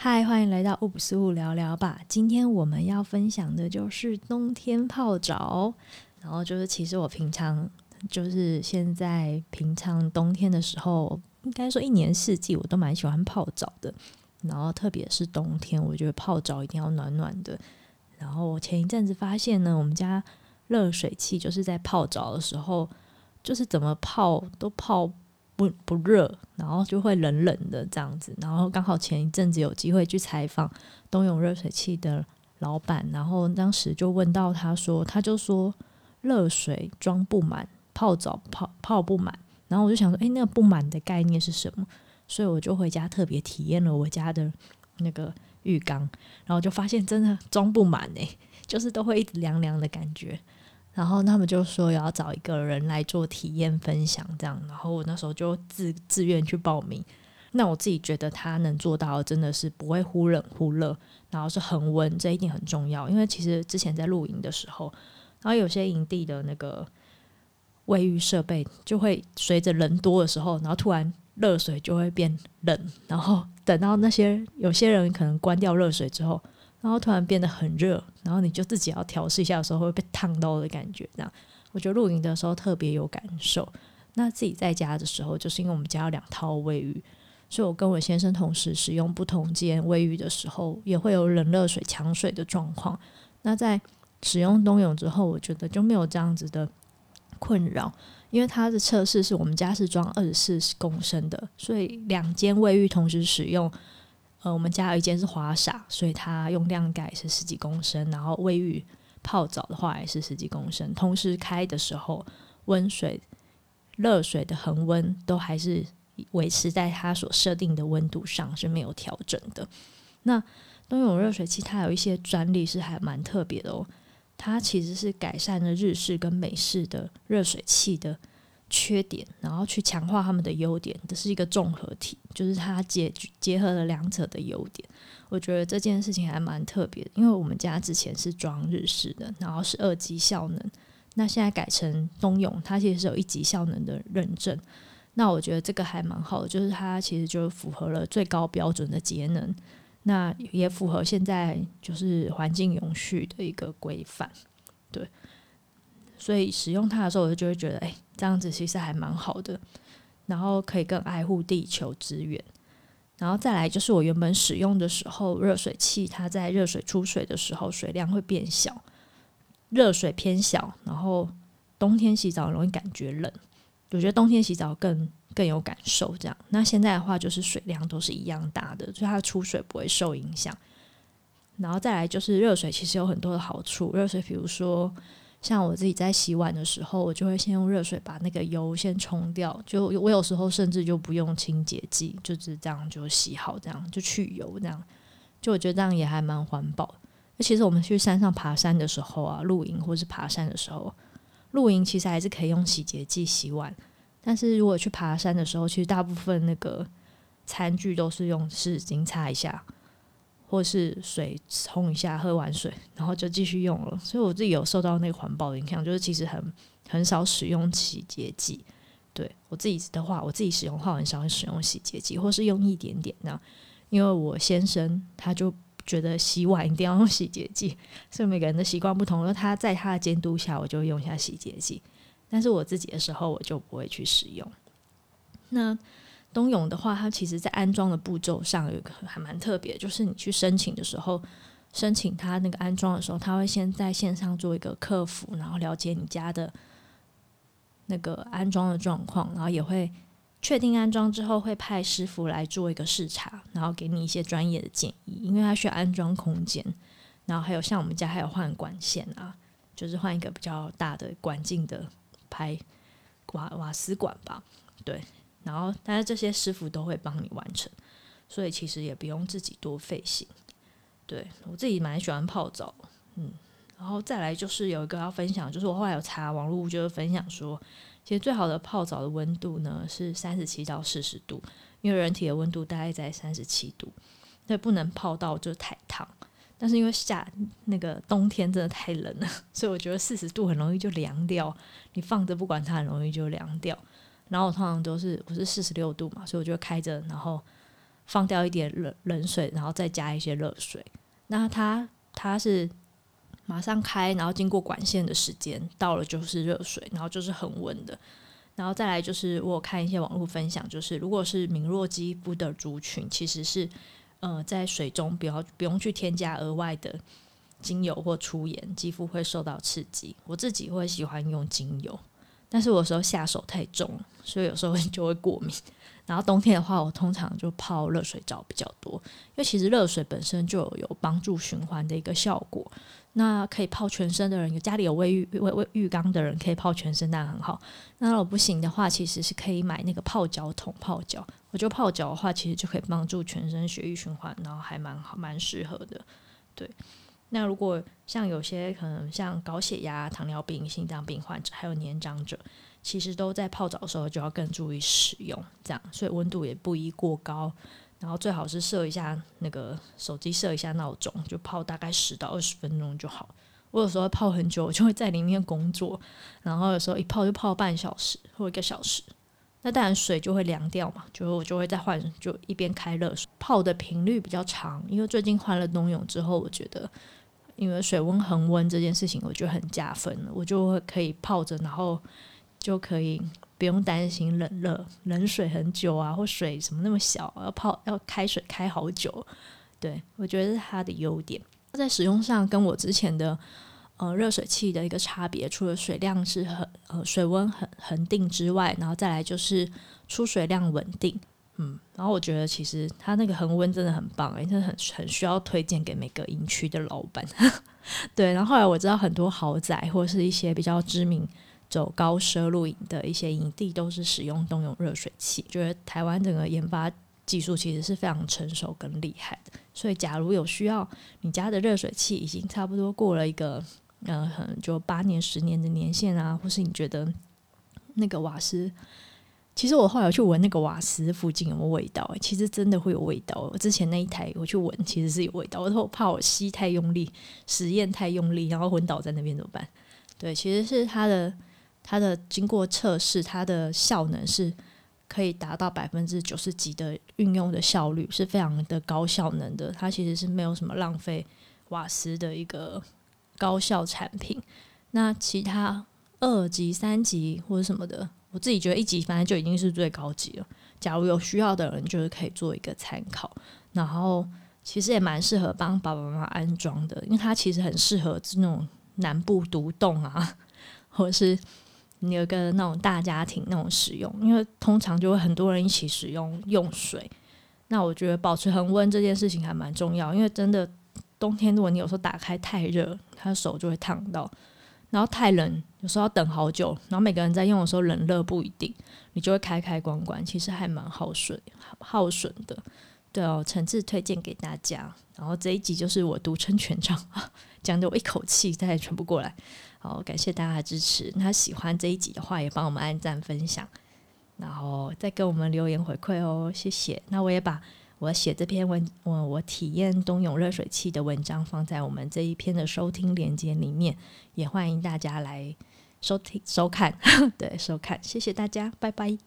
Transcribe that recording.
嗨，歡迎來到五十五物聊聊吧。今天我們要分享的就是冬天泡澡，然後就是其實我平常就是現在平常冬天的時候，應該說一年四季我都蠻喜歡泡澡的，然後特別是冬天，我覺得泡澡一定要暖暖的。然後我前一陣子發現呢，我們家熱水器就是在泡澡的時候，就是怎麼泡都泡。不不熱，然後就會冷冷的這樣子。然後剛好前一陣子有機會去採訪東湧熱水器的老板，然後當時就問到他說，他就說熱水裝不滿，泡澡泡泡不滿。然後我就想說，哎、欸，那個不滿的概念是什麼？所以我就回家特別體驗了我家的那個浴缸，然後就發現真的裝不滿哎，就是都會一直涼涼的感覺。然後他們就說要找一個人來做體驗分享，這樣。然後我那時候就自自願去報名。那我自己覺得他能做到，真的是不會忽冷忽熱，然後是恆溫，這一定很重要。因為其實之前在露營的時候，然後有些營地的那個衛浴設備就會隨着人多的時候，然後突然熱水就會變冷，然後等到那些有些人可能關掉熱水之後。然後突然變得很熱，然後你就自己要調試一下的時候會被燙到的感覺這樣。我覺得露營的時候特別有感受。那自己在家的時候，就是因為我們家有兩套衛浴，所以我跟我先生同時使用不同間衛浴的時候，也會有冷熱水搶水的狀況。那在使用東湧之後，我覺得就沒有這樣子的困擾，因為它的測試是我們家是裝二十四公升的，所以兩間衛浴同時使用。我們家有一間是花灑，所以它用量蓋是十幾公升，然後衛浴泡澡的話也是十幾公升，同時開的時候，溫水、熱水的恆溫都還是維持在它所設定的溫度上，是沒有調整的。那東湧熱水器它有一些專利是還蠻特別的哦，它其實是改善了日式跟美式的熱水器的。缺點，然後去強化他們的優點，這是一個綜合體，就是它結結合了兩者的優點。我覺得這件事情還蠻特別，因為我們家之前是裝日式的，然後是二級效能，那現在改成東湧，它其實是有一級效能的認證。那我覺得這個還蠻好的，就是它其實就符合了最高標準的節能，那也符合現在就是環境永續的一個規範，對。所以使用它的時候，我就會覺得，誒、欸，這樣子其實還蠻好的，然後可以更愛護地球資源。然後再來就是我原本使用的時候，熱水器它在熱水出水的時候，水量會變小，熱水偏小，然後冬天洗澡容易感覺冷。我覺得冬天洗澡更更有感受，這樣。那現在的話，就是水量都是一樣大的，所以它出水不會受影響。然後再來就是熱水其實有很多的好處，熱水比如說。像我自己在洗碗的時候，我就會先用熱水把那個油先沖掉。就我有時候甚至就不用清潔劑，就是這樣就洗好，這樣就去油，這樣就我覺得這樣也還蠻環保。那其實我們去山上爬山的時候啊，露營或是爬山的時候，露營其實還是可以用洗潔劑洗碗，但是如果去爬山的時候，其實大部分那個餐具都是用濕紙巾擦一下。或是水沖一下，喝完水，然後就繼續用了。所以我自己有受到那個環保影響，就是其實很很少使用洗潔劑。對，我自己的話，我自己使用的話很少會使用洗潔劑，或是用一點點。那因為我先生他就覺得洗碗一定要用洗潔劑，所以每個人的習慣不同。那他在他的監督下，我就用一下洗潔劑。但是我自己的時候，我就不會去使用。那東湧的話，它其實，在安裝的步驟上有一個還蠻特別，就是你去申請的時候，申請它那個安裝的時候，他會先在線上做一個客服，然後了解你家的那個安裝的狀況，然後也會確定安裝之後，會派師傅來做一個視察，然後給你一些專業的建議，因為它需要安裝空間，然後還有像我們家還有換管線啊，就是換一個比較大的管徑的排瓦瓦斯管吧，對。然後，但是這些師傅都會幫你完成，所以其實也不用自己多費心。對，我自己蠻喜歡泡澡，嗯，然後再來就是有一個要分享，就是我後來有查網絡，就是分享說，其實最好的泡澡的溫度呢是三十七到四十度，因為人體的溫度大概在三十七度，那不能泡到就太燙。但是因為夏那個冬天真的太冷了，所以我覺得四十度很容易就涼掉，你放着不管它很容易就涼掉。然後我通常都是，我是四十六度嘛，所以我就開着，然後放掉一點冷冷水，然後再加一些熱水。那它它是馬上開，然後經過管線的時間到了就是熱水，然後就是恆溫的。然後再來就是我看一些網絡分享，就是如果是敏弱肌膚的族群，其實是呃在水中不要不用去添加額外的精油或粗鹽，肌膚會受到刺激。我自己會喜歡用精油。但是我有時候下手太重，所以有時候就會過敏。然後冬天的話，我通常就泡熱水澡比較多，因為其實熱水本身就有幫助循環的一個效果。那可以泡全身的人，有家裡有衛浴、浴浴缸的人，可以泡全身，那很好。那如果不行的話，其實是可以買那個泡腳桶泡腳。我覺得泡腳的話，其實就可以幫助全身血液循環，然後還蠻好、蠻適合的，對。那如果像有些可能像高血壓、糖尿病、心臟病患者，還有年長者，其實都在泡澡的時候就要更注意使用，這樣，所以溫度也不宜過高，然後最好是設一下那個手機設一下鬧鐘，就泡大概十到二十分鐘就好。我有時候泡很久，我就會在裡面工作，然後有時候一泡就泡半小時或一個小時，那當然水就會涼掉嘛，就我就會再換，就一邊開熱水泡的頻率比較長，因為最近換了東湧之後，我覺得。因為水溫恆溫這件事情，我覺得很加分，我就會可以泡着，然後就可以不用擔心冷熱，冷水很久啊，或水什麼那麼小啊，要泡要開水開好久，對，我覺得是它的優點。在使用上跟我之前的呃熱水器的一個差別，除了水量是很呃水溫很恆定之外，然後再來就是出水量穩定。嗯，然後我覺得其實他那個恆溫真的很棒哎、欸，真很很需要推薦給每個營區的老板。 對，然後後來我知道很多豪宅或是一些比較知名走高奢露營的一些營地都是使用東湧熱水器，覺得台灣整個研發技術其實是非常成熟跟厲害的。所以假如有需要，你家的熱水器已經差不多過了一個嗯、呃，就八年十年的年限啊，或是你覺得那個瓦斯。其實我後來有去聞那個瓦斯，附近有沒有味道欸，其實真的會有味道。我之前那一台我去聞，其實是有味道。我都怕我吸太用力，實驗太用力，然後昏倒在那邊怎麼辦？對，其實是它的它的經過測試，它的效能是可以達到百分之九十幾的運用的效率，是非常的高效能的。它其實是沒有什麼浪費瓦斯的一個高效產品。那其他二級、三級或者什麼的。我自己覺得一級反正就已經是最高級了。假如有需要的人，就是可以做一個參考。然後其實也蠻適合幫爸爸媽媽安裝的，因為它其實很適合是那種南部獨棟啊，或者是你有個那種大家庭那種使用，因為通常就會很多人一起使用用水。那我覺得保持恆溫這件事情還蠻重要，因為真的冬天如果你有時候打開太熱，他的手就會燙到。然後太冷，有時候要等好久。然後每個人在用的時候，冷熱不一定，你就會開開關關，其實還蠻耗損、耗損的。對哦，誠摯推薦給大家。然後這一集就是我獨撐全場，講得我一口氣再也喘不過來。好，感謝大家的支持。那喜歡這一集的話，也幫我們按讚、分享，然後再給我們留言回饋哦。謝謝。那我也把。我寫這篇文，我我體驗東湧熱水器的文章放在我們這一篇的收聽鏈接裡面，也歡迎大家來收聽收看，對，收看，謝謝大家，拜拜。